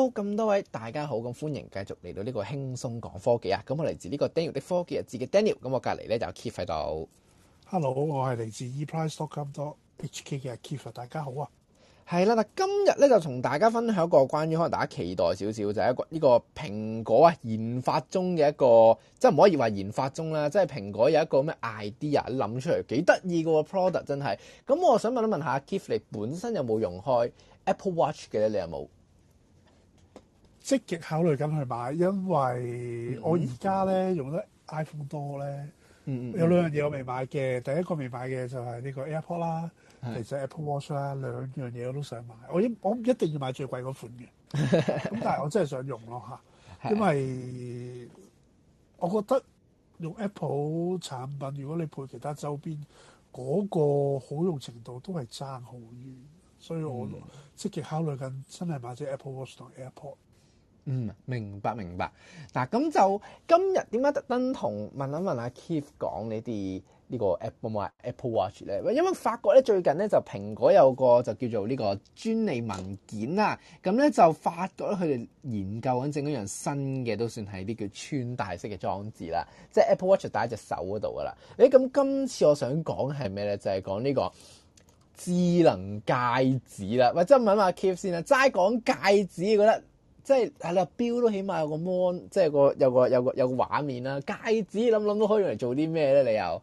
Hello，咁多位大家好，咁歡迎繼續嚟到呢個輕鬆講科技啊！咁我嚟自呢個 Daniel 的科技日誌嘅 Daniel，咁我隔籬咧就有 Kif 喺度。Hello，我係嚟自 eprice.com.hk 嘅 Kif，大家好啊！係啦，嗱，今日咧就同大家分享一個關於可能大家期待少少就係一個呢個蘋果啊研發中嘅一個，即係唔可以話研發中啦，即係蘋果有一個咩 idea 諗出嚟，幾得意噶 product 真係。咁我想問一問一下 Kif，你本身有冇用開 Apple Watch 嘅咧？你有冇？積極考慮緊去買，因為我而家咧用得 iPhone 多咧，嗯、有兩樣嘢我未買嘅。嗯、第一個未買嘅就係呢個 AirPod 啦，是其實 Apple Watch 啦，兩樣嘢我都想買。我一我唔一定要買最貴嗰款嘅，咁 但係我真係想用咯嚇，是因為我覺得用 Apple 產品，如果你配其他周邊，嗰、嗰個好用程度都係爭好遠，所以我積極考慮緊，真係買隻 Apple Watch 同 AirPod。嗯，明白明白。嗱，咁就今日點解特登同問一問阿 Kif 講呢啲呢個 Apple Apple Watch 咧？因為發覺咧最近咧就蘋果有個就叫做呢個專利文件啦。咁咧就發覺佢哋研究緊整一樣新嘅，都算係啲叫穿戴式嘅裝置啦。即係 Apple Watch 戴喺隻手嗰度噶啦。誒，咁今次我想講係咩咧？就係講呢個智能戒指啦。咪即問一問 Kif 先啦，齋講戒指，覺得。即係係啦，表、啊、都起碼有個 mon，即係個有個有個有個，有個畫面啦、啊。戒指諗諗都可以用嚟做啲咩咧？你又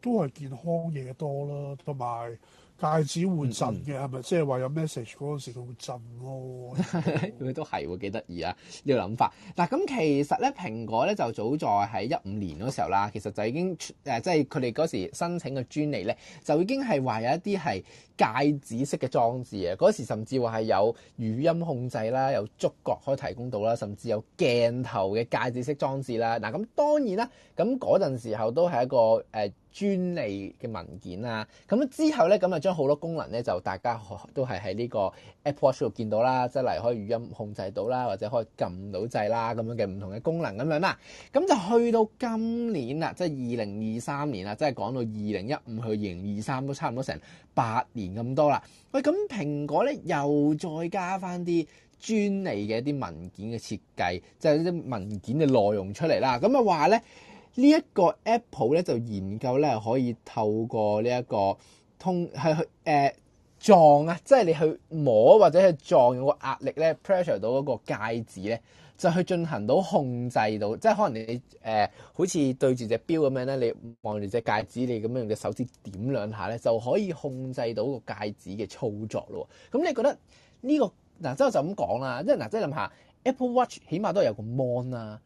都係健康嘢多啦，同埋，戒指換神嘅係咪即係話有 message 嗰陣時佢會震咯？佢都係喎，幾得意啊，呢個諗法。嗱咁，其實咧，蘋果咧，就早在喺一五年嗰時候啦，其實就已經誒即係佢哋嗰時申請嘅專利咧，就已經係話有一啲係戒指式嘅裝置啊！嗰時甚至話係有語音控制啦，有觸覺可以提供到啦，甚至有鏡頭嘅戒指式裝置啦。嗱咁當然啦，咁嗰陣時候都係一個誒。呃專利嘅文件啦，咁之後呢，咁啊將好多功能呢，就大家都係喺呢個 Apple Watch 度見到啦，即係例如可以語音控制到啦，或者可以撳到掣啦咁樣嘅唔同嘅功能咁樣啦，咁就去到今年啦，即係二零二三年啦，即係講到二零一五去二零二三都差唔多成八年咁多啦。喂，咁蘋果呢，又再加翻啲專利嘅一啲文件嘅設計，即係啲文件嘅內容出嚟啦，咁啊話呢。呢一個 Apple 咧就研究咧，可以透過呢、這、一個通係去誒、呃、撞啊，即係你去摸或者去撞用個壓力咧，pressure 到嗰個戒指咧，就去進行到控制到，即係可能你誒、呃、好似對住隻表咁樣咧，你望住隻戒指，你咁樣用隻手指點兩下咧，就可以控制到嗰個戒指嘅操作咯。咁你覺得呢、這個嗱，即係我就咁講啦，即係嗱，即係諗下 Apple Watch 起碼都有一個 mon 啊，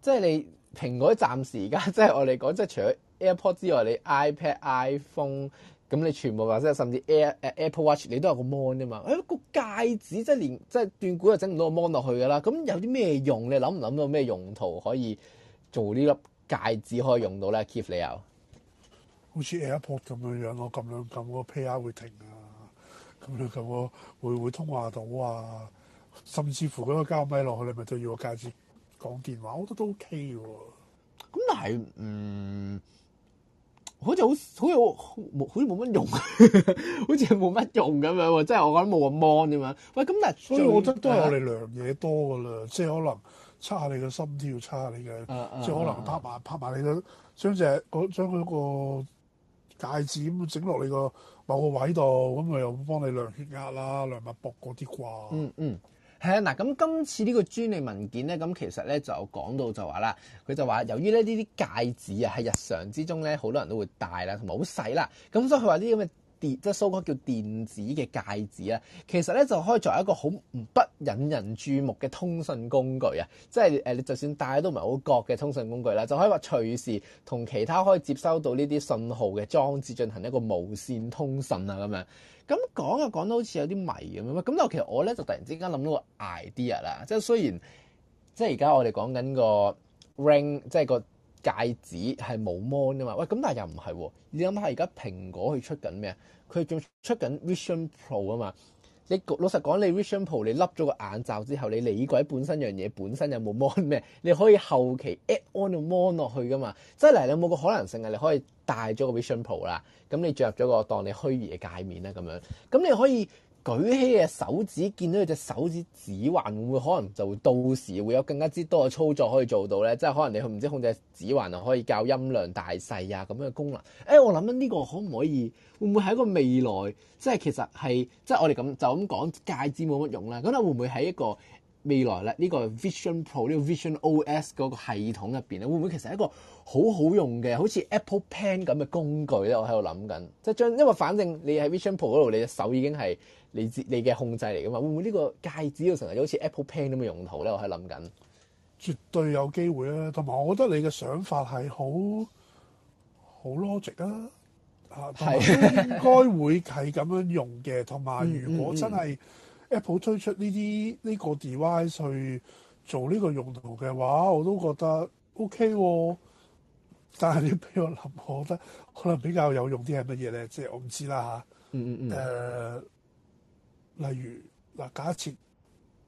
即係你。蘋果暫時而家即係我哋講，即係除咗 AirPod 之外，你 iPad、iPhone，咁你全部或者甚至 Air、啊、Apple Watch，你都有個 mon 啊嘛。誒、哎那個戒指即係連即係斷估又整唔到個 mon 落去㗎啦。咁有啲咩用？你諗唔諗到咩用途可以做呢粒戒指可以用到咧？Keep 你又好似 AirPod 咁樣樣，我撳兩撳個 PR 會停啊，撳兩撳我會我會通話到啊，甚至乎嗰個交咪落去，你咪就都要個戒指。講電話我覺得都 OK 嘅，咁但係，嗯，好似好好有冇好似冇乜用， 好似冇乜用咁樣，即、就、係、是、我覺得冇咁芒咁樣喂，咁但係，所以我覺得都係我哋量嘢多噶啦，啊、即係可能測下你嘅心跳，測下你嘅，啊、即係可能拍埋、啊、拍埋你嘅，將隻嗰將嗰個戒指整落你個某個位度，咁啊又幫你量血壓啦，量脈搏嗰啲啩。嗯嗯。係啊，嗱，咁今次呢個專利文件呢，咁其實呢就有講到就話啦，佢就話由於咧呢啲戒指呀，喺日常之中呢，好多人都會戴啦，好細啦，咁所以佢話呢咁嘅。即係蘇哥叫電子嘅戒指啊，其實咧就可以作為一個好唔不引人注目嘅通訊工具啊，即係誒你就算戴都唔係好覺嘅通訊工具啦，就可以話隨時同其他可以接收到呢啲信號嘅裝置進行一個無線通訊啊咁樣。咁講就講到好似有啲謎咁啊，咁但係其實我咧就突然之間諗到一個 idea 啦，即係雖然即係而家我哋講緊個 ring，即係個。戒指係冇 mon 噶嘛？喂，咁但又唔係喎？你諗下而家蘋果佢出緊咩啊？佢仲出緊 Vision Pro 啊嘛！你老實講，你 Vision Pro 你笠咗個眼罩之後，你理鬼本身樣嘢本身有冇 mon 咩？你可以後期 add on 個 mon 落去噶嘛？即係嚟，你有冇個可能性啊？你可以戴咗個 Vision Pro 啦，咁你著咗個當你虛擬嘅界面啦，咁樣，咁你可以。舉起嘅手指，見到佢隻手指指環會唔會可能就會到時會有更加之多嘅操作可以做到呢？即係可能你唔知控制指環啊，可以校音量大細啊咁樣嘅功能。誒、欸，我諗緊呢個可唔可以？會唔會係一個未來？即係其實係即係我哋咁就咁講，戒指冇乜用啦。咁啊會唔會係一個未來咧，呢個 Vision Pro 呢個 Vision OS 嗰個系統入面咧，會唔會其實係一個好好用嘅，好似 Apple Pen 咁嘅工具咧？我喺度諗緊，即係將，因為反正你喺 Vision Pro 嗰度，你隻手已經係你你嘅控制嚟噶嘛，會唔會呢個戒指要成日好似 Apple Pen 咁嘅用途咧？我喺度諗緊，絕對有機會啦。同埋我覺得你嘅想法係好好 logic 啊，係應該會係咁樣用嘅。同埋 如果真係，嗯嗯嗯 Apple 推出呢啲呢個 device 去做呢個用途嘅話，我都覺得 OK 喎、哦。但係你俾我諗，我覺得可能比較有用啲係乜嘢咧？即、就、係、是、我唔知啦嚇。嗯嗯嗯。誒，例如嗱，假設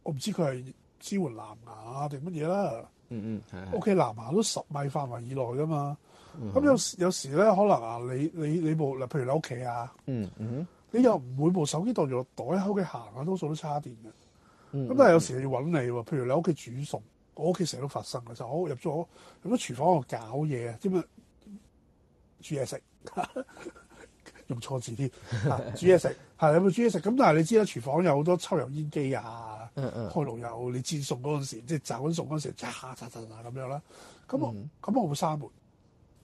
我唔知佢係支援藍牙定乜嘢啦。嗯嗯、mm。O.、Hmm. K. 藍牙都十米範圍以內㗎嘛。咁、mm hmm. 有時有時咧，可能啊，你你你部嗱，譬如你屋企啊。嗯嗯、mm。Hmm. 你又唔會每部手機當住個袋喺屋企行下，多數都差電嘅。咁、嗯嗯嗯、但係有時要揾你喎，譬如你屋企煮餸，我屋企成日都發生嘅。就係、我入咗入咗廚房度搞嘢啊，知唔知？煮嘢食， 用錯字添。煮嘢食，係 有冇煮嘢食？咁但係你知啦，廚房有好多抽油煙機啊，嗯嗯開爐油。你煎餸嗰陣時，即係炸緊餸嗰陣時，嚓嚓嚓咁樣啦。咁我咁我會閂門，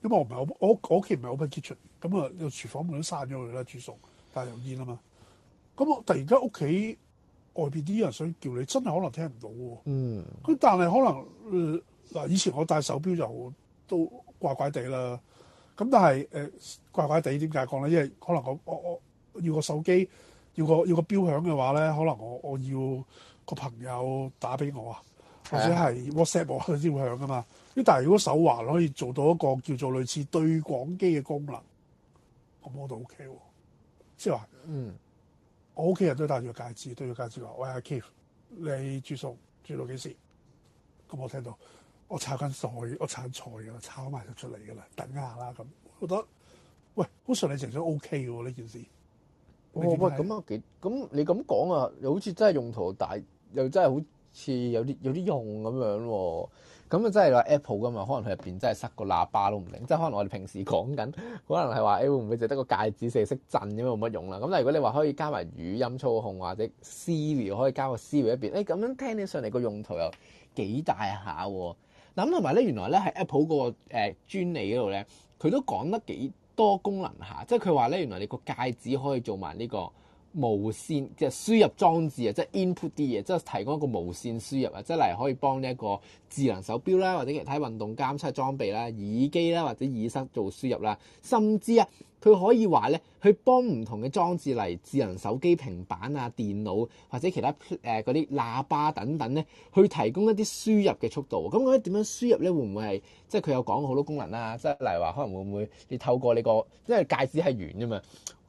因為我唔係我我屋企唔係 open kitchen，咁啊個廚房門都閂咗佢啦，煮餸。戴有煙啊嘛，咁我突然間屋企外邊啲人想叫你，真係可能聽唔到喎。嗯。咁但係可能嗱、呃，以前我戴手錶就都怪怪地啦。咁但係誒、呃、怪怪地點解講咧？因為可能我我我要個手機要個要個錶響嘅話咧，可能我我要個朋友打俾我啊，或者係 WhatsApp 我佢先會響㗎嘛。咁、嗯、但係如果手環可以做到一個叫做類似對講機嘅功能，咁我都 OK 喎。即係話，so, 嗯、我屋企人都戴住個戒指，對住個戒指話：喂，阿 Keith 你住宿住到幾時？咁我聽到，我炒緊菜，我炒緊菜㗎啦，炒埋就出嚟㗎啦，等下啦咁。我覺得喂，好順理成章，O K 嘅喎呢件事。喂、哦，咁啊，幾咁你咁講啊，又好似真係用途大，又真係好。似有啲有啲用咁樣喎、哦，咁、就、啊、是、真係話 Apple 㗎嘛，可能佢入邊真係塞個喇叭都唔定，即係可能我哋平時講緊，可能係話誒會唔會就得個戒指四識震咁樣，冇乜用啦。咁但係如果你話可以加埋語音操控或者 Siri，可以加一個 Siri 入邊，誒、欸、咁樣聽起上嚟個用途又幾大下、啊、喎。嗱咁同埋咧，原來咧喺 Apple 個誒專利嗰度咧，佢都講得幾多功能下，即係佢話咧原來你個戒指可以做埋、這、呢個。無線即係、就是、輸入裝置啊，即、就、係、是、input 啲嘢，即、就、係、是、提供一個無線輸入啊，即係嚟可以幫呢一個智能手錶啦，或者其他運動監測裝備啦、耳機啦，或者耳塞做輸入啦，甚至啊，佢可以話咧，去幫唔同嘅裝置嚟智能手機、平板啊、電腦或者其他嗰啲喇叭等等咧，去提供一啲輸入嘅速度。咁我覺得點樣輸入咧？會唔會係即係佢有講好多功能啦？即、就、係、是、例如話可能會唔會你透過你個，因為戒指係圓啫嘛。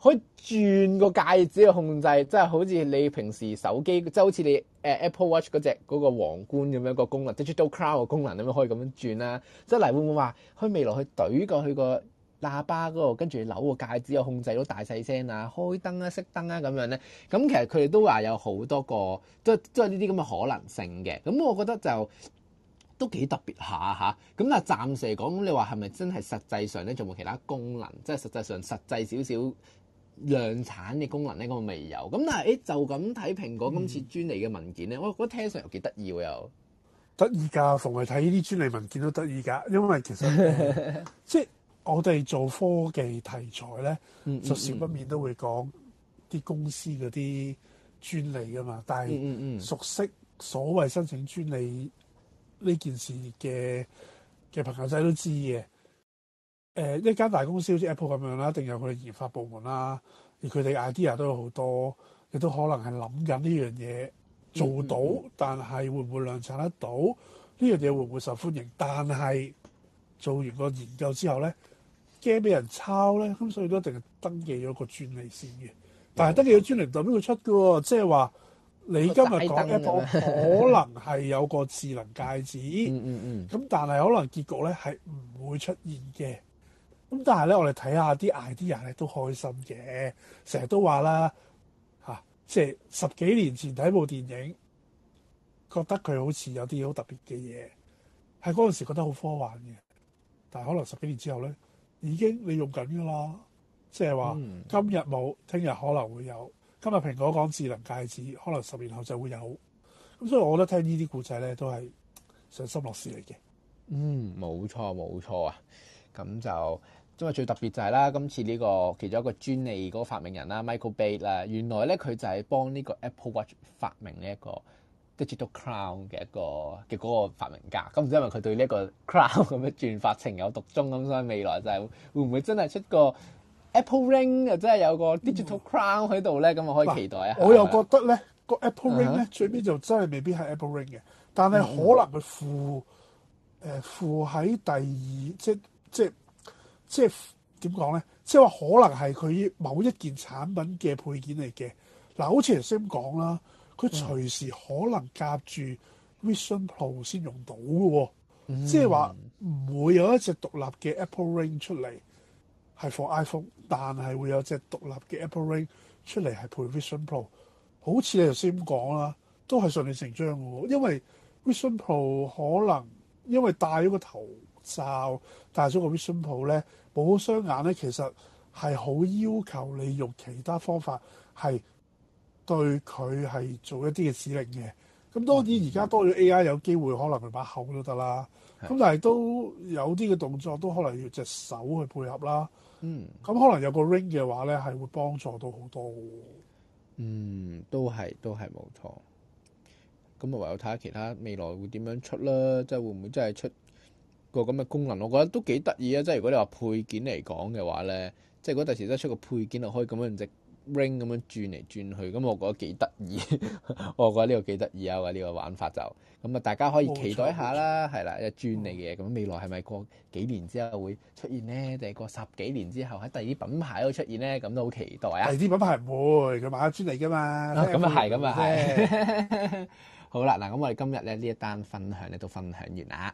可以轉個戒指去控制，即係好似你平時手機，即係好似你 Apple Watch 嗰隻嗰個皇冠咁樣個功能，即係 Digital Crown 嘅功能咁樣可以咁樣轉啦。即係嚟會唔會話佢未來去懟過去個喇叭嗰度，跟住扭個戒指又控制到大細聲啊、開燈啊、熄燈啊咁樣咧？咁其實佢哋都話有好多個，即係即係呢啲咁嘅可能性嘅。咁我覺得就都幾特別下嚇。咁啊，暫時嚟講，你話係咪真係實際上咧仲冇其他功能？即係實際上實際少少。量產嘅功能咧，我未有。咁但係，誒就咁睇蘋果今次專利嘅文件咧，嗯、我覺得聽上又幾得意喎，又得意㗎！逢係睇呢啲專利文件都得意㗎，因為其實即係、 嗯就是、我哋做科技題材咧，就少、嗯嗯、不免都會講啲公司嗰啲專利㗎嘛。但係熟悉所謂申請專利呢件事嘅嘅朋友仔都知嘅。誒、呃，一間大公司好似 Apple 咁樣啦，一定有佢研發部門啦，而佢哋 idea 都有好多，亦都可能係諗緊呢樣嘢，做到，但係會唔會量產得到？呢樣嘢會唔會受歡迎？但係做完個研究之後咧，驚俾人抄咧，咁所以都一定係登記咗個專利先嘅。但係登記咗專利唔代表邊個出噶喎，即係話你今日講 Apple 可能係有個智能戒指，嗯嗯嗯，咁、嗯嗯、但係可能結局咧係唔會出現嘅。咁但係咧，我哋睇下啲 idea 咧都開心嘅，成日都話啦，吓、啊，即係十幾年前睇部電影，覺得佢好似有啲好特別嘅嘢，係嗰陣時覺得好科幻嘅，但係可能十幾年之後咧，已經你用緊噶啦，即係話今日冇，聽日可能會有。今日蘋果講智能戒指，可能十年後就會有。咁所以我覺得聽呢啲故仔咧，都係賞心樂事嚟嘅。嗯，冇錯冇錯啊，咁就。因為最特別就係啦，今次呢個其中一個專利嗰個發明人啦，Michael Bay 啦，原來咧佢就係幫呢個 Apple Watch 發明呢一個 digital crown 嘅一個嘅嗰個發明家。咁因為佢對呢一個 crown 咁樣轉法情有獨鍾咁，所以未來就係會唔會真係出個 Apple Ring，又真係個 Apple Ring 啊？真係有個 digital crown 喺度咧，咁我可以期待啊！是是我又覺得咧個 Apple Ring 咧最尾就真係未必係 Apple Ring 嘅，但係可能佢附誒、嗯呃、附喺第二即即。即即係點講咧？即係話可能係佢某一件產品嘅配件嚟嘅。嗱、啊，好似頭先咁講啦，佢隨時可能夾住 Vision Pro 先用到嘅喎。嗯、即係話唔會有一隻獨立嘅 Apple Ring 出嚟係放 iPhone，但係會有隻獨立嘅 Apple Ring 出嚟係配 Vision Pro。好似你頭先咁講啦，都係順理成章喎。因為 Vision Pro 可能因為戴咗個頭罩，戴咗個 Vision Pro 咧。保好雙眼咧，其實係好要求你用其他方法係對佢係做一啲嘅指令嘅。咁當然而家多咗 AI 有機會可能佢把口都得啦。咁但係都有啲嘅動作都可能要隻手去配合啦。嗯，咁可能有個 ring 嘅話咧，係會幫助到好多喎。嗯，都係都係冇錯。咁啊，唯有睇下其他未來會點樣出啦。即係會唔會真係出？個咁嘅功能，我覺得都幾得意啊！即係如果你話配件嚟講嘅話咧，即係如果第時都出個配件就可以咁樣隻 ring 咁樣轉嚟轉去，咁我覺得幾得意。我覺得呢個幾得意啊！呢個玩法就咁啊，大家可以期待一下啦，係啦好，一專利嘅咁未來係咪過幾年之後會出現呢？定係過十幾年之後喺第二啲品牌度出現呢？咁都好期待啊！第二啲品牌唔會嘅嘛，專利㗎嘛。咁啊係，咁啊係。好啦，嗱，咁我哋今日咧呢一單分享咧都分享完啦。